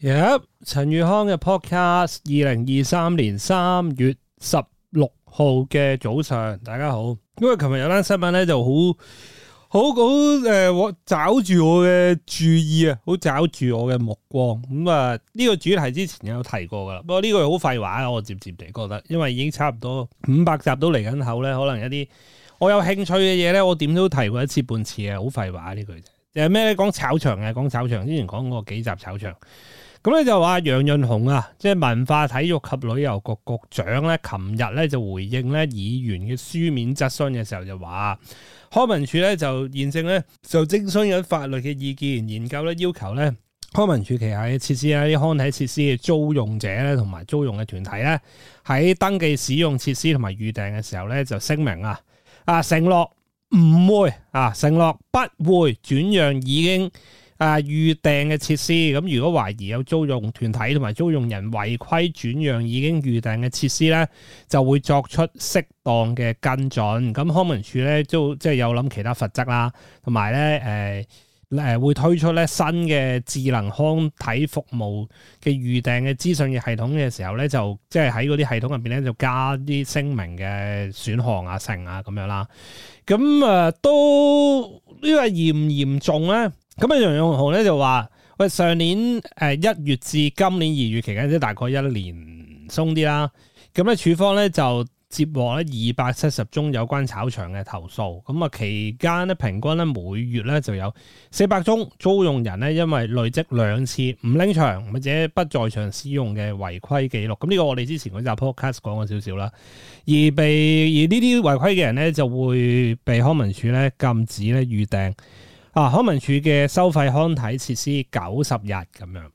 Yep，陳宇康嘅 podcast，二零二三年三月十六號嘅早上，大家好。因為琴日有單新聞咧，就好好好誒，我找住我嘅注意啊，好找住我嘅目光。咁啊，呢個主題之前有提過噶啦，不過呢句好廢話，我接接地覺得，因為已經差唔多五百集都嚟緊口咧，可能一啲我有興趣嘅嘢咧，我點都提過一次半次啊，好廢話呢句就係咩咧？講炒場啊，講炒場，之前講過幾集炒場。咁咧就話楊潤雄啊，即係文化體育及旅遊局局長咧，琴日，咧就回應咧議員嘅書面質詢嘅時候就話，康文署咧就現正咧就徵詢緊法律嘅意見研究咧，要求咧康文署旗下嘅設施啊，啲康體設施嘅租用者咧，同埋租用嘅團體咧，喺登記使用設施同埋預訂嘅時候咧，就聲明啊，啊承諾唔會啊承諾不會轉讓已經。啊！預訂嘅設施咁，如果懷疑有租用團體同埋租用人違規轉讓已經預訂嘅設施咧，就會作出適當嘅跟進。咁康文署咧都即係有諗其他罰則啦，同埋咧誒誒會推出咧新嘅智能康體服務嘅預訂嘅資訊嘅系統嘅時候咧，就即係喺嗰啲系統入邊咧就加啲聲明嘅選項啊、成啊咁樣啦。咁啊、呃、都、這個、嚴嚴呢個嚴唔嚴重咧？咁啊，楊永紅咧就話：喂，上年誒一月至今年二月期間，即大概一年鬆啲啦。咁咧，署方咧就接獲咧二百七十宗有關炒場嘅投訴。咁啊，期間咧平均咧每月咧就有四百宗租用人咧，因為累積兩次唔拎場或者不在場使用嘅違規記錄。咁呢個我哋之前嗰集 podcast 講過少少啦。而被而呢啲違規嘅人咧，就會被康文署咧禁止咧預訂。啊！康文署嘅收費康體設施九十日咁樣，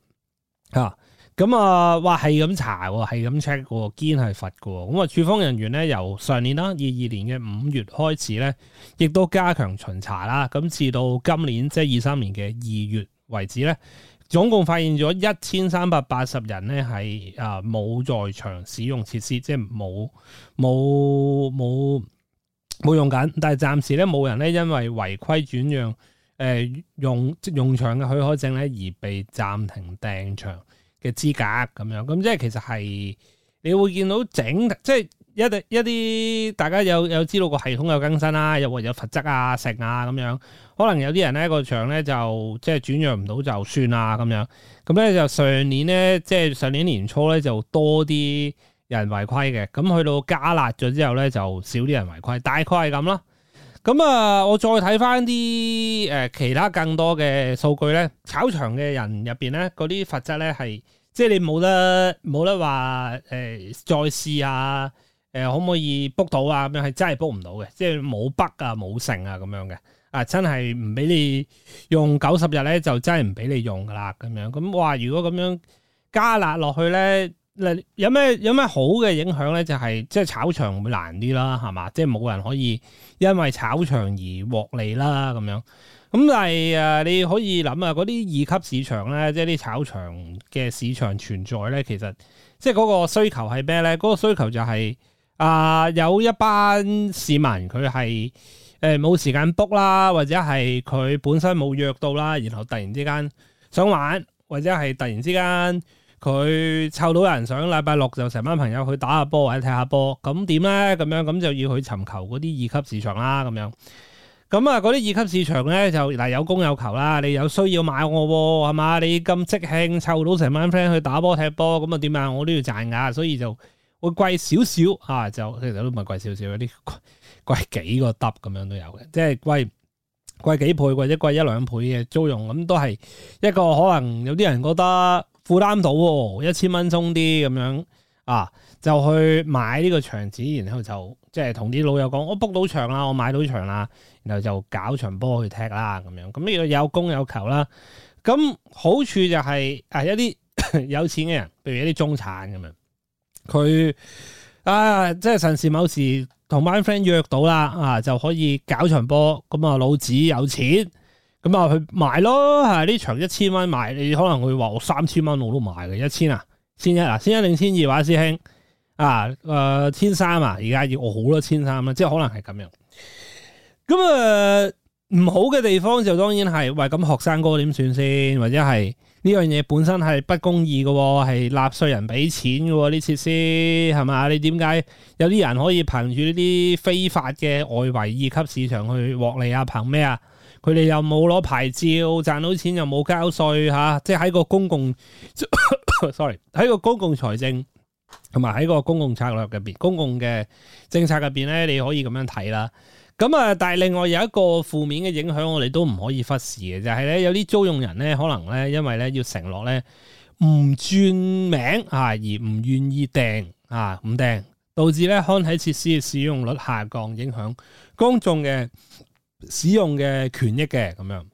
嚇咁啊，話係咁查喎，係咁 check 喎，堅係罰喎。咁啊，署方人員咧，由上年啦，二二年嘅五月開始咧，亦都加強巡查啦。咁至到今年即係二三年嘅二月為止咧，總共發現咗一千三百八十人咧係啊冇在場使用設施，即係冇冇冇冇用緊。但係暫時咧冇人咧因為違規轉讓。誒、呃、用即用場嘅許可證咧，而被暫停訂場嘅資格咁樣，咁即係其實係你會見到整即係一定一啲大家有有知道個系統有更新啦，又或者有罰則啊、食啊咁樣，可能有啲人咧、個場咧就即係轉讓唔到就算啦咁樣，咁咧就上年咧即係上年年初咧就多啲人違規嘅，咁去到加辣咗之後咧就少啲人違規，大概係咁咯。咁啊、嗯，我再睇翻啲誒其他更多嘅數據咧，炒場嘅人入邊咧，嗰啲罰則咧係，即係你冇得冇得話誒、呃、再試下誒、呃、可唔可以 book 到啊？咁樣係真係 book 唔到嘅，即係冇筆啊冇剩啊咁樣嘅啊，真係唔俾你用九十日咧，就真係唔俾你用噶啦咁樣。咁哇，如果咁樣加辣落去咧～有咩有咩好嘅影響咧？就係即係炒場會難啲啦，係嘛？即係冇人可以因為炒場而獲利啦咁樣。咁但係誒，你可以諗啊，嗰啲二級市場咧，即係啲炒場嘅市場存在咧，其實即係嗰個需求係咩咧？嗰、嗰個需求就係、係、啊、呃，有一班市民佢係誒冇時間 book 啦，或者係佢本身冇約到啦，然後突然之間想玩，或者係突然之間。佢湊到人想，禮拜六就成班朋友去打下波或者踢下波，咁點咧？咁樣咁就要去尋求嗰啲二級市場啦。咁樣咁啊，嗰啲二級市場咧就嗱有供有求啦。你有需要買我喎，係嘛？你咁即興湊到成班 friend 去打波踢波，咁啊點啊？我都要賺㗎，所以就會貴少少啊。就其實都唔係貴少少，有啲貴,貴幾個得咁樣都有嘅，即係貴貴幾倍，或者貴一兩倍嘅租用，咁都係一個可能有啲人覺得。負擔到喎、哦，一千蚊鬆啲咁樣啊，就去買呢個場子，然後就即係同啲老友講，我 book 到場啦，我買到場啦，然後就搞場波去踢啦咁樣。咁呢個有供有求啦。咁、嗯、好處就係、是、係、啊、一啲 有錢嘅人，譬如一啲中產咁樣，佢啊即係神時某時同班 friend 約到啦啊，就可以搞場波。咁、嗯、啊，老子有錢。咁啊，去賣咯，係呢場一千蚊賣，你可能會話我三千蚊我都賣嘅，一千啊，千一啊，千一定、啊千，啊、千二話、啊，師兄啊，誒、啊，千三啊，而家要好多、啊、千三啊，即係可能係咁樣。咁啊，唔、呃、好嘅地方就當然係，喂，咁學生哥點算先？或者係呢樣嘢本身係不公義嘅、啊，係納稅人俾錢嘅、啊，呢設施係咪？你點解有啲人可以憑住呢啲非法嘅外圍二級市場去獲利啊？憑咩啊？佢哋又冇攞牌照，賺到錢又冇交稅吓、啊，即係喺個公共，sorry，喺 個公共財政同埋喺個公共策略入邊，公共嘅政策入邊咧，你可以咁樣睇啦。咁啊，但係另外有一個負面嘅影響，我哋都唔可以忽視嘅，就係、是、咧有啲租用人咧，可能咧因為咧要承諾咧唔轉名啊，而唔願意訂啊，唔訂，導致咧康體設施嘅使用率下降，影響公眾嘅。使用嘅權益嘅咁樣，呢、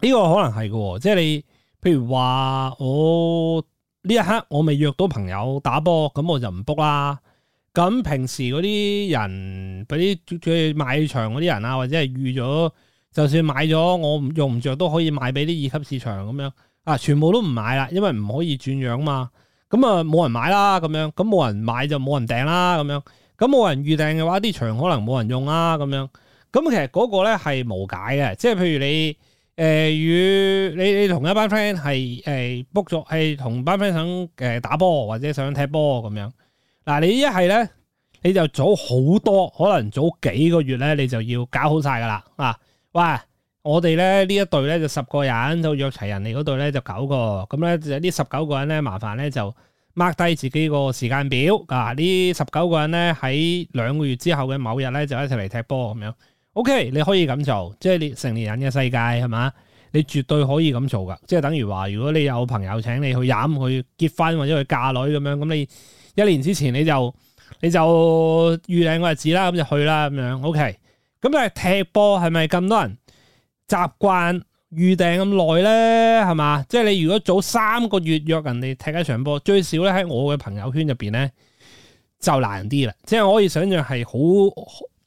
這個可能係嘅，即係你，譬如話我呢一刻我未約到朋友打波，咁我就唔 book 啦。咁平時嗰啲人，嗰啲佢買場嗰啲人啊，或者係預咗，就算買咗，我用唔着都可以買俾啲二級市場咁樣啊，全部都唔買啦，因為唔可以轉讓嘛。咁啊，冇人買啦，咁樣，咁冇人買就冇人訂啦，咁樣，咁冇人預訂嘅話，啲場可能冇人用啦，咁樣。咁其實嗰個咧係無解嘅，即係譬如你誒、呃、與你你同一班 friend 係誒 book 咗係同班 friend 想誒打波或者想踢波咁樣。嗱，你一係咧你就早好多，可能早幾個月咧你就要搞好晒噶啦啊！哇！我哋咧呢一隊咧就十個人，就約齊人。你哋嗰隊咧就九個，咁咧就呢十九個人咧麻煩咧就 mark 低自己個時間表。嗱，呢十九個人咧喺兩個月之後嘅某日咧就一齊嚟踢波咁樣。O.K. 你可以咁做，即係你成年人嘅世界係嘛？你絕對可以咁做噶，即係等於話，如果你有朋友請你去飲、去結婚或者去嫁女咁樣，咁你一年之前你就你就預留個日子啦，咁就去啦咁樣。O.K. 咁你係踢波係咪咁多人習慣預訂咁耐咧？係嘛？即係你如果早三個月約人哋踢一場波，最少咧喺我嘅朋友圈入邊咧就難啲啦。即係我可以想象係好。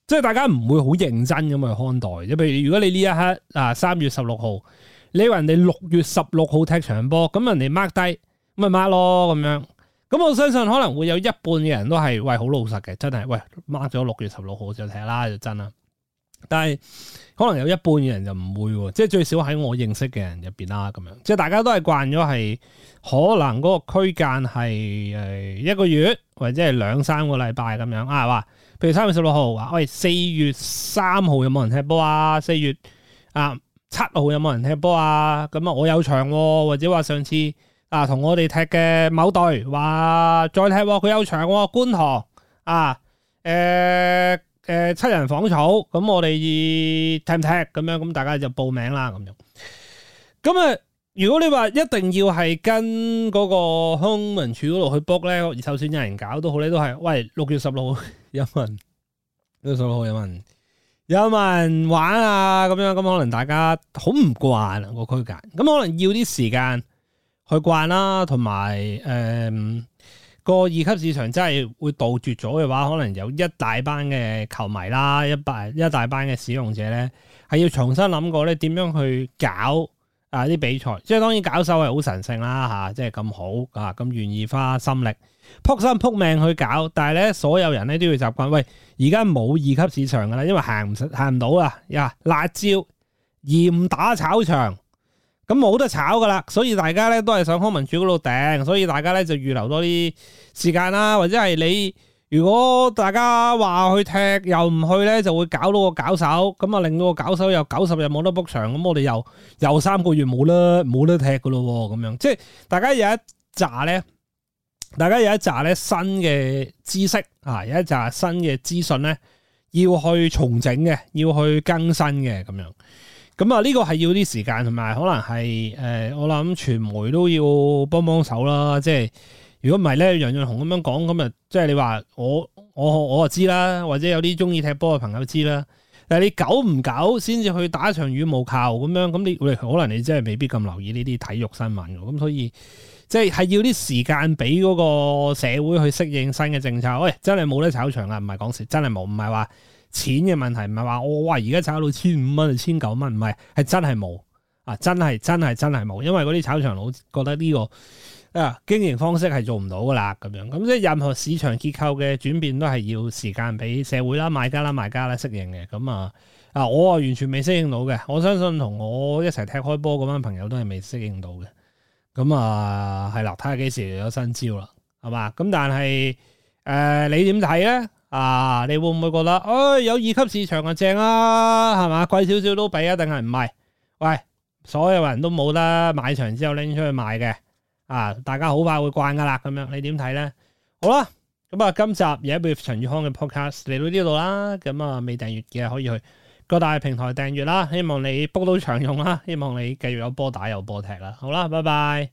即係大家唔會好認真咁去看待，即譬如如果你呢一刻嗱三月十六號，你話人哋六月十六號踢場波，咁人哋 mark 低咪 mark 咯咁樣，咁我相信可能會有一半嘅人都係喂好老實嘅，真係喂 mark 咗六月十六號就踢啦，就真啦。但係可能有一半嘅人就唔會，即係最少喺我認識嘅人入邊啦，咁樣即係大家都係慣咗係可能嗰個區間係一個月或者係兩三個禮拜咁樣啊，係話，譬如三月十六號話，喂，四月三號有冇人踢波啊？四月啊七號有冇人踢波啊？咁啊，我有場喎，或者話上次啊同我哋踢嘅某隊話再踢，佢有場喎，觀塘啊，誒、呃。誒，七人房草，咁我哋 tap 唔 tap 咁樣？咁大家就報名啦，咁樣。咁啊，如果你話一定要係跟嗰個康文署嗰度去 book 咧，就算有人搞都好咧，都係。喂，六月十六號有冇人？六月十六號有冇人？有冇人玩啊？咁樣，咁可能大家好唔慣個區間，咁可能要啲時間去慣啦，同埋誒。個二級市場真係會杜絕咗嘅話，可能有一大班嘅球迷啦，一班一大班嘅使用者咧，係要重新諗過你點樣去搞啊啲比賽。即係當然搞手係好神聖啦吓，即係咁好啊，咁願意花心力撲心撲命去搞。但係咧，所有人咧都要習慣喂，而家冇二級市場噶啦，因為行唔行唔到啦。呀，辣招嚴打炒場。咁冇、嗯、得炒噶啦，所以大家咧都係上康民主康文署嗰度訂，所以大家咧就預留多啲時間啦，或者係你如果大家話去踢又唔去咧，就會搞到個搞手，咁啊令到個搞手又九十日冇得 book 場，咁我哋又又三個月冇得冇得踢噶咯、哦，咁樣即係大家有一紮咧，大家有一紮咧新嘅知識啊，有一紮新嘅資訊咧要去重整嘅，要去更新嘅咁樣。咁啊，呢個係要啲時間，同埋可能係誒、呃，我諗傳媒都要幫幫手啦。即係如果唔係咧，楊潤雄咁樣講，咁啊，即係你話我我我就知啦，或者有啲中意踢波嘅朋友知啦。但係你久唔久先至去打場羽毛球咁樣，咁你喂可能你真係未必咁留意呢啲體育新聞㗎。咁所以即係係要啲時間俾嗰個社會去適應新嘅政策。喂，真係冇得炒場啊！唔係講笑，真係冇，唔係話。錢嘅問題唔係話我哇，而家炒到千五蚊，啊千九蚊，唔係，係真係冇啊，真係真係真係冇，因為嗰啲炒場佬覺得呢、這個啊經營方式係做唔到噶啦咁樣，咁、嗯、即係任何市場結構嘅轉變都係要時間俾社會啦、買家啦、賣家啦適應嘅，咁、嗯、啊啊我啊完全未適應到嘅，我相信同我一齊踢開波嗰班朋友都係未適應到嘅，咁、嗯、啊係啦，睇下幾時又有新招啦，係嘛，咁、嗯、但係誒、呃、你點睇咧？啊，你會唔會覺得，誒、哎，有二級市場就正啊？係嘛，貴少少都比啊，定係唔係？喂，所有人都冇得，買場之後拎出去賣嘅，啊，大家好快會慣噶啦，咁樣你點睇咧？好啦，咁、嗯、啊，今集嘢 with 陳宇康嘅 podcast 嚟到呢度啦，咁、嗯、啊，未訂閱嘅可以去各大平台訂閱啦，希望你 book 到場用啦，希望你繼續有波打有波踢啦，好啦，拜拜。